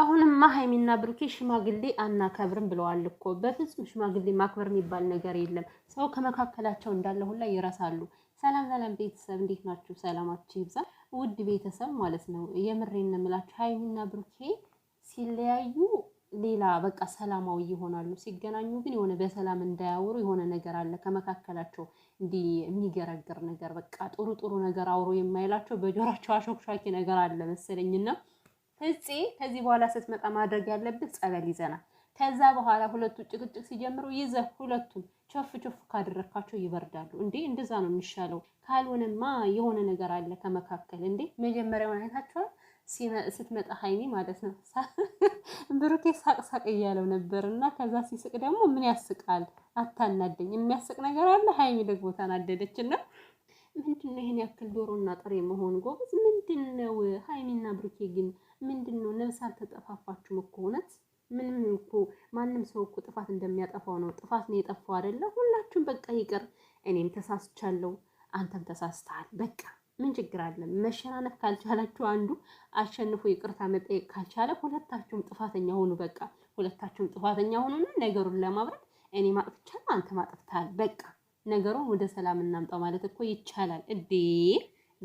አሁንማ ሀይሚና ብሩኬ ሽማግሌ አናከብርም ብለዋል እኮ። በፍጹም ሽማግሌ ማክበር የሚባል ነገር የለም። ሰው ከመካከላቸው እንዳለ ሁላ ይረሳሉ። ሰላም ሰላም ቤተሰብ እንዴት ናችሁ? ሰላማችሁ ይብዛ። ውድ ቤተሰብ ማለት ነው የምሬን እንምላችሁ። ሀይሚና ብሩኬ ሲለያዩ ሌላ በቃ ሰላማዊ ይሆናሉ። ሲገናኙ ግን የሆነ በሰላም እንዳያወሩ የሆነ ነገር አለ ከመካከላቸው እንዲህ የሚገረግር ነገር በቃ ጥሩ ጥሩ ነገር አውሮ የማይላቸው በጆራቸው አሾክሻኪ ነገር አለ መሰለኝና ፍፄ ከዚህ በኋላ ስትመጣ ማድረግ ያለብህ ጸበል ይዘናል። ከዛ በኋላ ሁለቱ ጭቅጭቅ ሲጀምሩ ይዘ ሁለቱን ቸፍ ቸፍ ካደረካቸው ይበርዳሉ። እንዴ እንደዛ ነው የሚሻለው። ካልሆነማ የሆነ ነገር አለ ከመካከል። እንዴ መጀመሪያውን አይታችኋል? ስትመጣ ሀይሚ ማለት ነው። ብሩኬ ሳቅሳቅ እያለው ነበር እና ከዛ ሲስቅ ደግሞ ምን ያስቃል? አታናደኝ፣ የሚያስቅ ነገር አለ። ሀይሚ ደግሞ ተናደደች እና ምንድነው ይህን ያክል ዶሮና ጥሬ መሆን ጎበዝ፣ ምንድነው ሀይሚና ብሩኬ ግን ምንድን ነው? ነብስ አልተጠፋፋችሁም እኮ እውነት። ምንም እኮ ማንም ሰው እኮ ጥፋት እንደሚያጠፋው ነው። ጥፋት ነው የጠፋው አይደለ? ሁላችሁም በቃ ይቅር። እኔም ተሳስቻለሁ፣ አንተም ተሳስተሃል። በቃ ምን ችግር አለ? መሸናነፍ ካልቻላችሁ አንዱ አሸንፎ ይቅርታ መጠየቅ ካልቻለ ሁለታችሁም ጥፋተኛ ሆኑ። በቃ ሁለታችሁም ጥፋተኛ ሆኑና ነገሩን ለማብረት እኔ ማጥፍቻለሁ፣ አንተ ማጥፍታል። በቃ ነገሩን ወደ ሰላም እናምጣው ማለት እኮ ይቻላል እንዴ?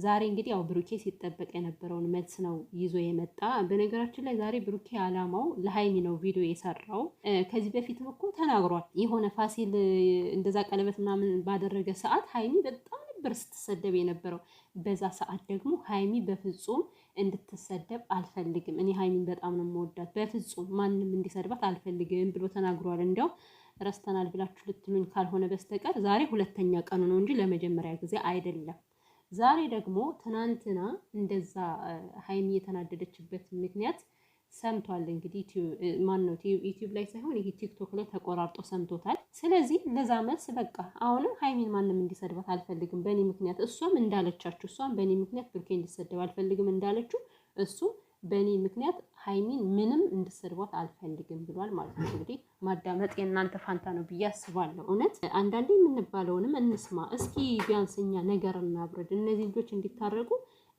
ዛሬ እንግዲህ ያው ብሩኬ ሲጠበቅ የነበረውን መልስ ነው ይዞ የመጣ። በነገራችን ላይ ዛሬ ብሩኬ አላማው ለሀይሚ ነው ቪዲዮ የሰራው። ከዚህ በፊትም እኮ ተናግሯል። የሆነ ፋሲል እንደዛ ቀለበት ምናምን ባደረገ ሰዓት ሀይሚ በጣም ነበር ስትሰደብ የነበረው። በዛ ሰዓት ደግሞ ሀይሚ በፍጹም እንድትሰደብ አልፈልግም፣ እኔ ሀይሚን በጣም ነው የምወዳት፣ በፍጹም ማንም እንዲሰድባት አልፈልግም ብሎ ተናግሯል። እንዲያው ረስተናል ብላችሁ ልትሉኝ ካልሆነ በስተቀር ዛሬ ሁለተኛ ቀኑ ነው እንጂ ለመጀመሪያ ጊዜ አይደለም። ዛሬ ደግሞ ትናንትና እንደዛ ሀይሚ የተናደደችበት ምክንያት ሰምቷል። እንግዲህ ማን ነው ዩቲዩብ ላይ ሳይሆን ይሄ ቲክቶክ ላይ ተቆራርጦ ሰምቶታል። ስለዚህ ለዛ መልስ በቃ አሁንም ሀይሚን ማንም እንዲሰድባት አልፈልግም በእኔ ምክንያት እሷም እንዳለቻችሁ እሷም በእኔ ምክንያት ብርኬ እንዲሰደብ አልፈልግም እንዳለችው እሱም በእኔ ምክንያት ሀይሚን ምንም እንድሰድቧት አልፈልግም ብሏል ማለት ነው። እንግዲህ ማዳመጥ የእናንተ ፋንታ ነው ብዬ አስባለሁ። እውነት አንዳንዴ የምንባለውንም እንስማ እስኪ። ቢያንስ እኛ ነገር እናብረድ፣ እነዚህ ልጆች እንዲታረቁ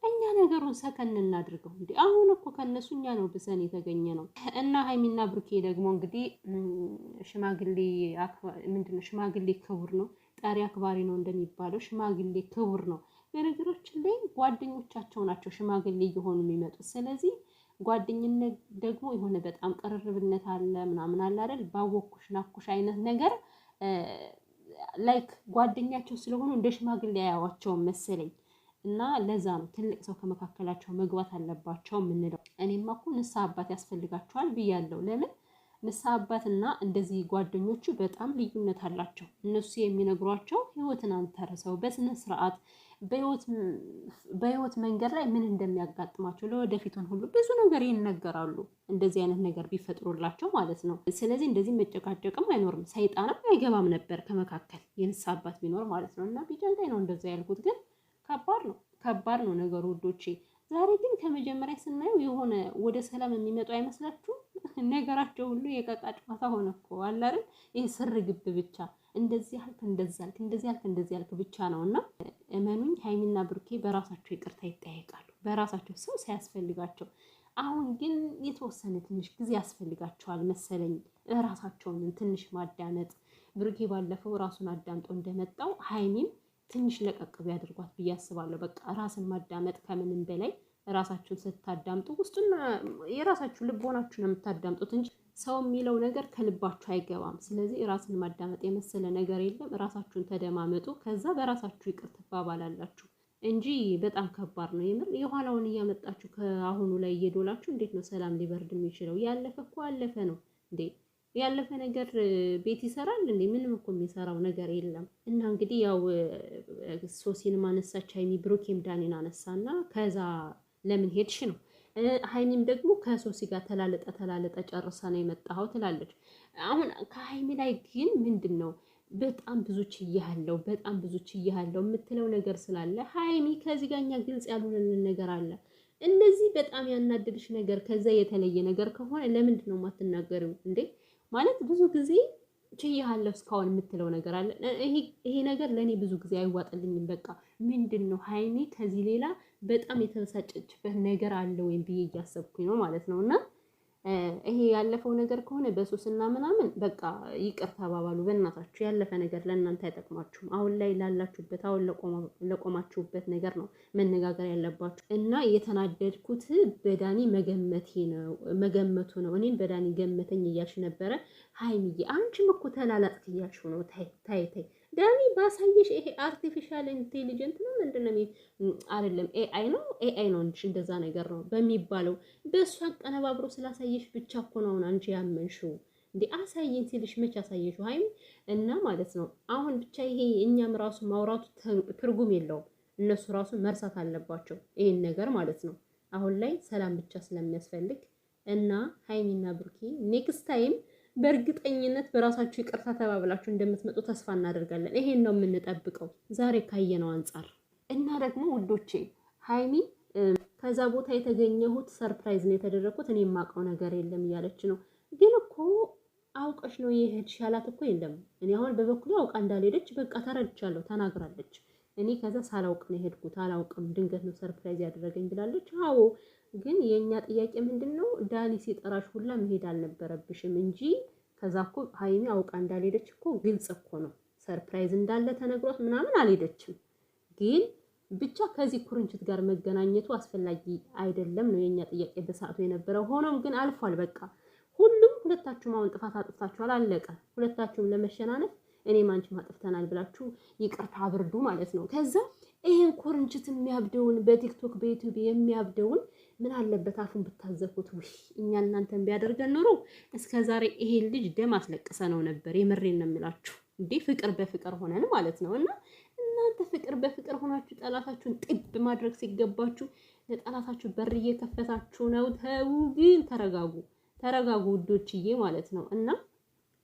እኛ ነገሩን ሰከን እናድርገው። እንዲ አሁን እኮ ከእነሱ እኛ ነው ብሰን የተገኘ ነው እና ሀይሚና ብሩኬ ደግሞ እንግዲህ ሽማግሌ ምንድነው ሽማግሌ ክቡር ነው፣ ጠሪ አክባሪ ነው እንደሚባለው ሽማግሌ ክቡር ነው። በነገሮችን ላይ ጓደኞቻቸው ናቸው ሽማግሌ እየሆኑ የሚመጡት ስለዚህ ጓደኝነት ደግሞ የሆነ በጣም ቅርርብነት አለ ምናምን አለ አይደል? ባወኩሽ ናኩሽ አይነት ነገር ላይክ ጓደኛቸው ስለሆኑ እንደ ሽማግሌ ያያዋቸውን መሰለኝ። እና ለዛ ነው ትልቅ ሰው ከመካከላቸው መግባት አለባቸው የምንለው። እኔማ እኮ ንስሐ አባት ያስፈልጋቸዋል ብያለሁ። ለምን ንስሐ አባትና እንደዚህ ጓደኞቹ በጣም ልዩነት አላቸው። እነሱ የሚነግሯቸው ህይወትን አንተርሰው በስነ ስርዓት በህይወት መንገድ ላይ ምን እንደሚያጋጥማቸው ለወደፊቱን ሁሉ ብዙ ነገር ይነገራሉ። እንደዚህ አይነት ነገር ቢፈጥሩላቸው ማለት ነው። ስለዚህ እንደዚህ መጨቃጨቅም አይኖርም፣ ሰይጣንም አይገባም ነበር ከመካከል የንስሐ አባት ቢኖር ማለት ነው። እና ቢጃን ላይ ነው እንደዛ ያልኩት። ግን ከባድ ነው፣ ከባድ ነው ነገሩ ውዶቼ። ዛሬ ግን ከመጀመሪያ ስናየው የሆነ ወደ ሰላም የሚመጡ አይመስላችሁም? ነገራቸው ሁሉ የቀቃ ጨዋታ ሆነ እኮ አለ አይደል? ይሄ ስር ግብ ብቻ እንደዚህ ያልክ እንደዚህ ያልክ እንደዚህ ያልክ እንደዚህ ያልክ ብቻ ነው። እና እመኑኝ ሀይሚና ብሩኬ በራሳቸው ይቅርታ ይጠያይቃሉ፣ በራሳቸው ሰው ሳያስፈልጋቸው። አሁን ግን የተወሰነ ትንሽ ጊዜ ያስፈልጋቸዋል መሰለኝ ራሳቸውን ትንሽ ማዳመጥ። ብሩኬ ባለፈው ራሱን አዳምጦ እንደመጣው ሀይሚም ትንሽ ለቀቅ ቢያደርጓት ብዬ አስባለሁ። በቃ ራስን ማዳመጥ ከምንም በላይ ራሳችሁን ስታዳምጡ ውስጡና የራሳችሁ ልብ ነው የምታዳምጡት እንጂ ሰው የሚለው ነገር ከልባችሁ አይገባም። ስለዚህ ራስን ማዳመጥ የመሰለ ነገር የለም። ራሳችሁን ተደማመጡ፣ ከዛ በራሳችሁ ይቅር ትባባላላችሁ እንጂ በጣም ከባድ ነው የምር። የኋላውን እያመጣችሁ ከአሁኑ ላይ እየዶላችሁ እንዴት ነው ሰላም ሊበርድ የሚችለው? ያለፈ እኮ አለፈ ነው እንዴ። ያለፈ ነገር ቤት ይሰራል እንዴ? ምንም እኮ የሚሰራው ነገር የለም። እና እንግዲህ ያው ሶሲንም አነሳች ሀይሚ፣ ብሩኬም ዳኒን አነሳና ከዛ ለምን ሄድሽ ነው። ሀይሚም ደግሞ ከሶሲ ጋር ተላለጠ ተላለጠ ጨርሳ ነው የመጣኸው ትላለች። አሁን ከሀይሚ ላይ ግን ምንድን ነው በጣም ብዙ ችያለው፣ በጣም ብዙ ችያለው የምትለው ነገር ስላለ ሀይሚ ከዚህ ጋር እኛ ግልጽ ያልሆነልን ነገር አለ። እነዚህ በጣም ያናደድሽ ነገር ከዛ የተለየ ነገር ከሆነ ለምንድን ነው የማትናገሪው እንዴ? ማለት ብዙ ጊዜ ችያለሁ እስካሁን የምትለው ነገር አለ። ይሄ ነገር ለእኔ ብዙ ጊዜ አይዋጥልኝም። በቃ ምንድን ነው ሀይሜ ከዚህ ሌላ በጣም የተበሳጨችበት ነገር አለ ወይም ብዬ እያሰብኩኝ ነው ማለት ነው እና ይሄ ያለፈው ነገር ከሆነ በሱስና ምናምን በቃ ይቅር ተባባሉ። በእናታችሁ ያለፈ ነገር ለእናንተ አይጠቅማችሁም። አሁን ላይ ላላችሁበት፣ አሁን ለቆማችሁበት ነገር ነው መነጋገር ያለባችሁ። እና የተናደድኩት በዳኒ መገመቴ ነው መገመቱ ነው። እኔን በዳኒ ገመተኝ እያልሽ ነበረ ሀይሚዬ። አንቺም እኮ ተላላጥክ እያልሽው ነው። ታይ ታይ ታይ ዳኒ ባሳየሽ ይሄ አርቲፊሻል ኢንቴሊጀንት ነው ምንድን ነው አይደለም፣ ኤአይ ነው ኤአይ ነው እንጂ እንደዛ ነገር ነው በሚባለው በእሱ አቀነባብሮ ስላሳየሽ ብቻ እኮ ነው አንቺ ያመንሽው። እንዲ አሳየኝ ሲልሽ መች አሳየሽው? ሀይሚ እና ማለት ነው አሁን ብቻ ይሄ እኛም ራሱ ማውራቱ ትርጉም የለውም። እነሱ ራሱ መርሳት አለባቸው ይሄን ነገር ማለት ነው። አሁን ላይ ሰላም ብቻ ስለሚያስፈልግ እና ሀይሚና ብሩኪ ኔክስት ታይም በእርግጠኝነት በራሳችሁ ይቅርታ ተባብላችሁ እንደምትመጡ ተስፋ እናደርጋለን። ይሄን ነው የምንጠብቀው ዛሬ ካየነው አንጻር እና ደግሞ ውዶቼ ሀይሚ ከዛ ቦታ የተገኘሁት ሰርፕራይዝ ነው የተደረግኩት፣ እኔ የማውቀው ነገር የለም እያለች ነው። ግን እኮ አውቀሽ ነው የሄድሽ ያላት እኮ የለም። እኔ አሁን በበኩሌ አውቃ እንዳልሄደች በቃ ተረድቻለሁ፣ ተናግራለች። እኔ ከዛ ሳላውቅ ነው የሄድኩት፣ አላውቅም፣ ድንገት ነው ሰርፕራይዝ ያደረገኝ ብላለች። አዎ ግን የእኛ ጥያቄ ምንድን ነው? ዳኒ ሲጠራሽ ሁላ መሄድ አልነበረብሽም እንጂ ከዛ እኮ ሀይሚ አውቃ እንዳልሄደች እኮ ግልጽ እኮ ነው። ሰርፕራይዝ እንዳለ ተነግሯት ምናምን አልሄደችም። ግን ብቻ ከዚህ ኩርንችት ጋር መገናኘቱ አስፈላጊ አይደለም ነው የእኛ ጥያቄ በሰዓቱ የነበረው። ሆኖም ግን አልፏል። በቃ ሁሉም ሁለታችሁም አሁን ጥፋት አጥፍታችኋል፣ አለቀ። ሁለታችሁም ለመሸናነፍ እኔም አንቺም አጥፍተናል ብላችሁ ይቅርታ አብርዱ ማለት ነው። ከዛ ይህን ኩርንችት የሚያብደውን በቲክቶክ በዩቱብ የሚያብደውን ምን አለበት አፉን ብታዘኩት ውይ እኛ እናንተን ቢያደርገን ኖሮ እስከ ዛሬ ይሄን ልጅ ደም አስለቅሰ ነው ነበር። የምሬን ነው የምላችሁ። እንዴ ፍቅር በፍቅር ሆነን ማለት ነው። እና እናንተ ፍቅር በፍቅር ሆናችሁ ጠላታችሁን ጥብ ማድረግ ሲገባችሁ ለጠላታችሁ በር እየከፈታችሁ ነው። ተው ግን ተረጋጉ፣ ተረጋጉ ውዶችዬ ማለት ነው እና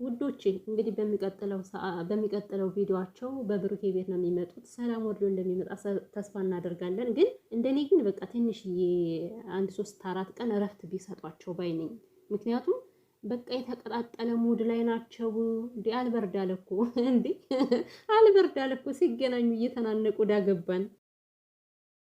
ውዶች እንግዲህ በሚቀጥለው በሚቀጥለው ቪዲዮአቸው በብሩኬ ቤት ነው የሚመጡት። ሰላም ወርዶ እንደሚመጣ ተስፋ እናደርጋለን። ግን እንደኔ ግን በቃ ትንሽዬ አንድ ሶስት አራት ቀን እረፍት ቢሰጧቸው ባይነኝ። ምክንያቱም በቃ የተቀጣጠለ ሙድ ላይ ናቸው። እንዲ አልበርድ አለ እንዲ አልበርድ አለ ሲገናኙ እየተናነቁ ዳገባን